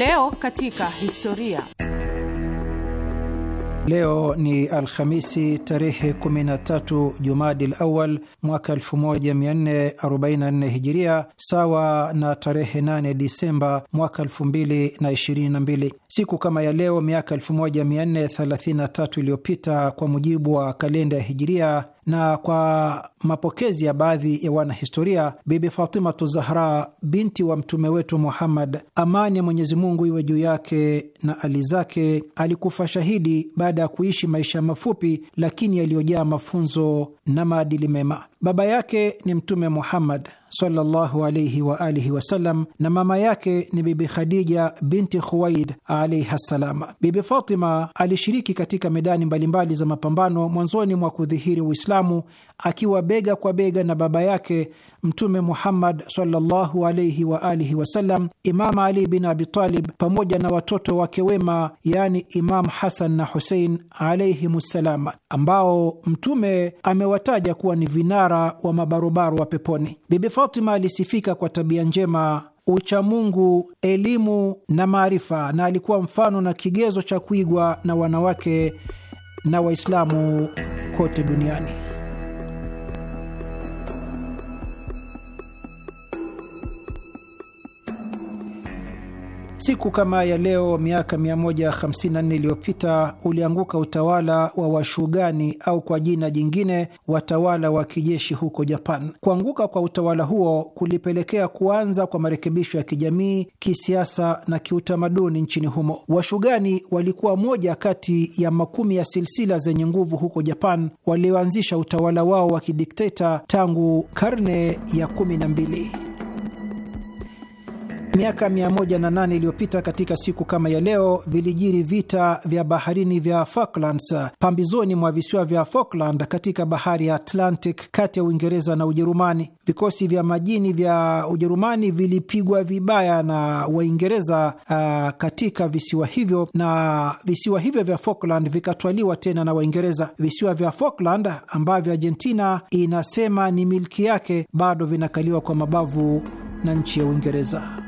Leo katika historia. Leo ni Alhamisi tarehe 13 Jumadil Awal mwaka 1444 Hijiria, sawa na tarehe 8 Disemba mwaka 2022. Siku kama ya leo miaka 1433 iliyopita, kwa mujibu wa kalenda ya Hijiria na kwa mapokezi ya baadhi ya wanahistoria, Bibi Fatimatu Zahra, binti wa mtume wetu Muhammad, amani ya Mwenyezi Mungu iwe juu yake na ali zake, alikufa shahidi baada ya kuishi maisha mafupi lakini yaliyojaa mafunzo na maadili mema. Baba yake ni Mtume Muhammad sallallahu alayhi wa alihi wasallam, na mama yake ni Bibi Khadija binti Khuwaid alaiha ssalam. Bibi Fatima alishiriki katika medani mbalimbali za mapambano mwanzoni mwa kudhihiri Uislamu akiwa bega kwa bega na baba yake Mtume Muhammad sallallahu alayhi wa alihi wasallam, Imam Ali bin Abi Talib pamoja na watoto wake wema, yani Imam Hasan na Husein alaihim ssalam, ambao Mtume amewataja kuwa ni vinara wa mabarobaro wa peponi. Bibi Fatima alisifika kwa tabia njema, uchamungu, elimu na maarifa, na alikuwa mfano na kigezo cha kuigwa na wanawake na Waislamu kote duniani. Siku kama ya leo miaka 154 iliyopita ulianguka utawala wa Washugani au kwa jina jingine watawala wa kijeshi huko Japan. Kuanguka kwa utawala huo kulipelekea kuanza kwa marekebisho ya kijamii, kisiasa na kiutamaduni nchini humo. Washugani walikuwa moja kati ya makumi ya silsila zenye nguvu huko Japan walioanzisha utawala wao wa kidikteta tangu karne ya 12. Miaka 108 iliyopita katika siku kama ya leo vilijiri vita vya baharini vya Falklands pambizoni mwa visiwa vya Falkland katika bahari ya Atlantic kati ya Uingereza na Ujerumani. Vikosi vya majini vya Ujerumani vilipigwa vibaya na Waingereza uh, katika visiwa hivyo na visiwa hivyo vya Falkland vikatwaliwa tena na Waingereza. Visiwa vya Falkland ambavyo Argentina inasema ni milki yake bado vinakaliwa kwa mabavu na nchi ya Uingereza.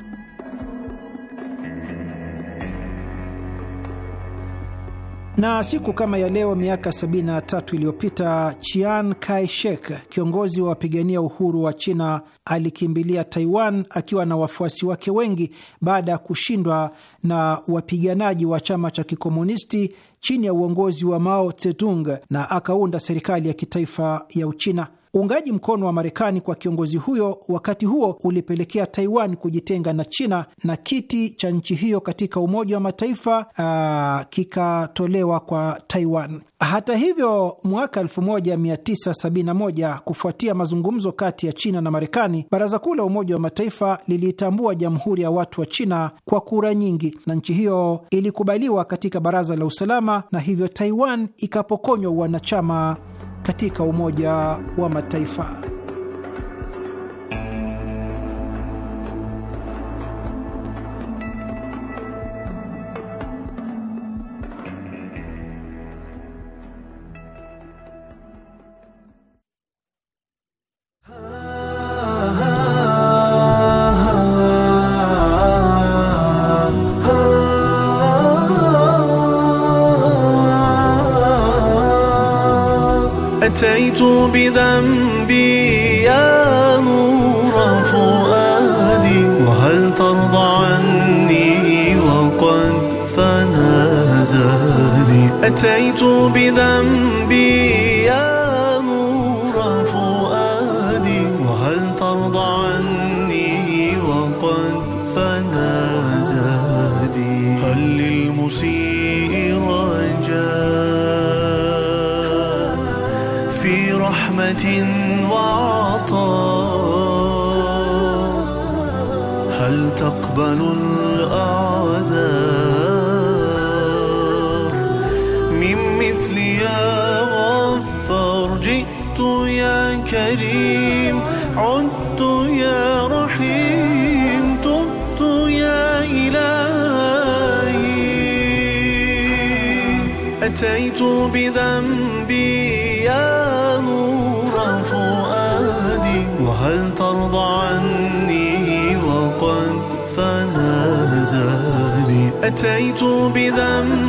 Na siku kama ya leo miaka 73 iliyopita Chiang Kai-shek, kiongozi wa wapigania uhuru wa China, alikimbilia Taiwan akiwa na wafuasi wake wengi baada ya kushindwa na wapiganaji wa chama cha kikomunisti chini ya uongozi wa Mao Zedong na akaunda serikali ya kitaifa ya Uchina. Uungaji mkono wa Marekani kwa kiongozi huyo wakati huo ulipelekea Taiwan kujitenga na China na kiti cha nchi hiyo katika Umoja wa Mataifa uh, kikatolewa kwa Taiwan. Hata hivyo, mwaka 1971 kufuatia mazungumzo kati ya China na Marekani, Baraza Kuu la Umoja wa Mataifa liliitambua Jamhuri ya Watu wa China kwa kura nyingi, na nchi hiyo ilikubaliwa katika Baraza la Usalama na hivyo Taiwan ikapokonywa wanachama katika Umoja wa Mataifa. بذنبي يا نور فؤادي وهل ترضى عني وقد فنى زادي أتيت بذنبي يقبل الأعذار من مثل يا غفار جئت يا كريم عدت يا رحيم تبت يا إلهي أتيت بذنب أتيت بذنب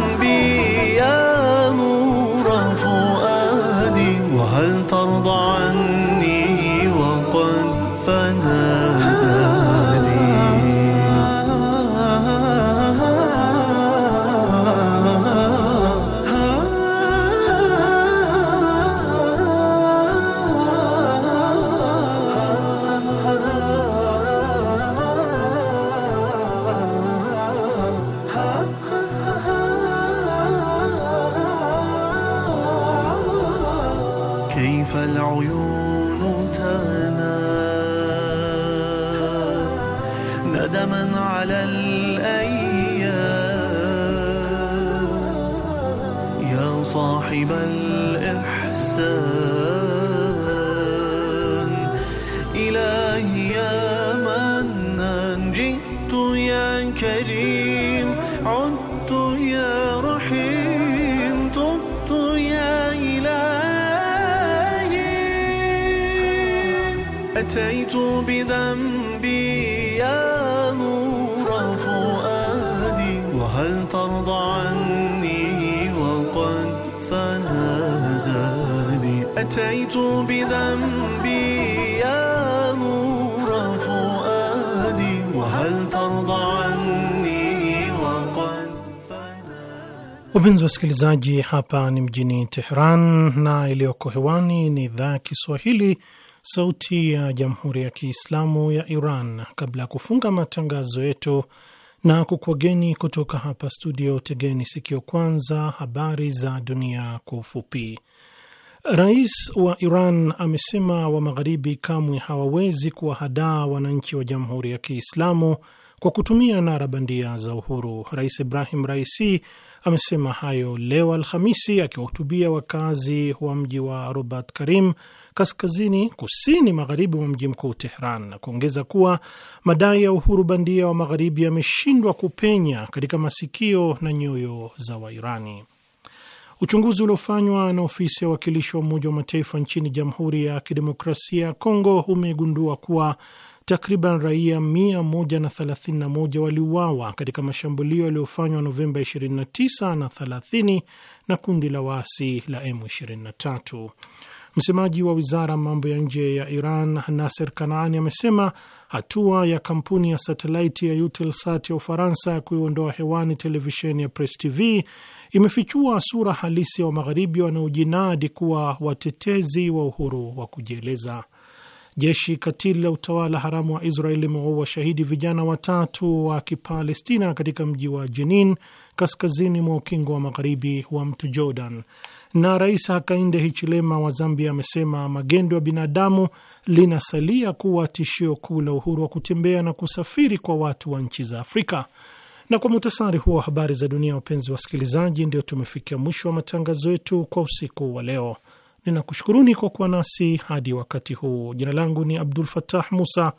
كريم عدت يا رحيم تبت يا إلهي أتيت بذنبي يا نور فؤادي وهل ترضى عني وقد فنى زادي أتيت بذنبي Wapenzi wasikilizaji, hapa ni mjini Teheran na iliyoko hewani ni idhaa ya Kiswahili, sauti ya jamhuri ya kiislamu ya Iran. Kabla ya kufunga matangazo yetu na kukwageni kutoka hapa studio, tegeni sikio kwanza habari za dunia kwa ufupi. Rais wa Iran amesema wa magharibi kamwe hawawezi kuwahadaa wananchi wa jamhuri ya kiislamu kwa kutumia nara bandia za uhuru. Rais Ibrahim Raisi amesema hayo leo Alhamisi akiwahutubia wakazi wa mji wa Robert Karim kaskazini kusini magharibi mwa mji mkuu Tehran na kuongeza kuwa madai ya uhuru bandia wa magharibi yameshindwa kupenya katika masikio na nyoyo za Wairani. Uchunguzi uliofanywa na ofisi ya wakilishi wa Umoja wa Mataifa nchini Jamhuri ya Kidemokrasia ya Kongo umegundua kuwa takriban raia 131 waliuawa katika mashambulio yaliyofanywa Novemba 29 na 30 na kundi la waasi la M23. Msemaji wa wizara mambo ya nje ya Iran Naser Kanaani amesema hatua ya kampuni ya satelaiti ya Eutelsat ya Ufaransa ya kuiondoa hewani televisheni ya Press TV imefichua sura halisi ya wa magharibi wanaojinadi kuwa watetezi wa uhuru wa kujieleza. Jeshi katili la utawala haramu wa israel limewaua shahidi vijana watatu wa Kipalestina katika mji wa Jenin, kaskazini mwa ukingo wa magharibi wa mto Jordan. Na Rais Hakainde Hichilema wa Zambia amesema magendo ya binadamu linasalia kuwa tishio kuu la uhuru wa kutembea na kusafiri kwa watu wa nchi za Afrika. Na kwa muhtasari huo wa habari za dunia, wapenzi wasikilizaji, ndio tumefikia mwisho wa matangazo yetu kwa usiku wa leo. Ninakushukuruni kwa kuwa nasi hadi wakati huu. Jina langu ni Abdul Fatah Musa.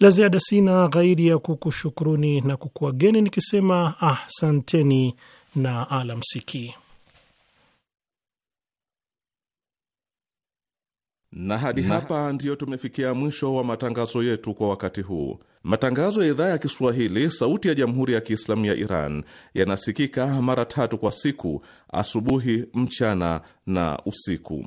La ziada sina ghairi ya kukushukuruni na kukuageni nikisema ahsanteni na alamsiki. Na hadi na hapa ndiyo tumefikia mwisho wa matangazo yetu kwa wakati huu. Matangazo ya idhaa ya Kiswahili sauti ya Jamhuri ya Kiislamu ya Iran yanasikika mara tatu kwa siku: asubuhi, mchana na usiku.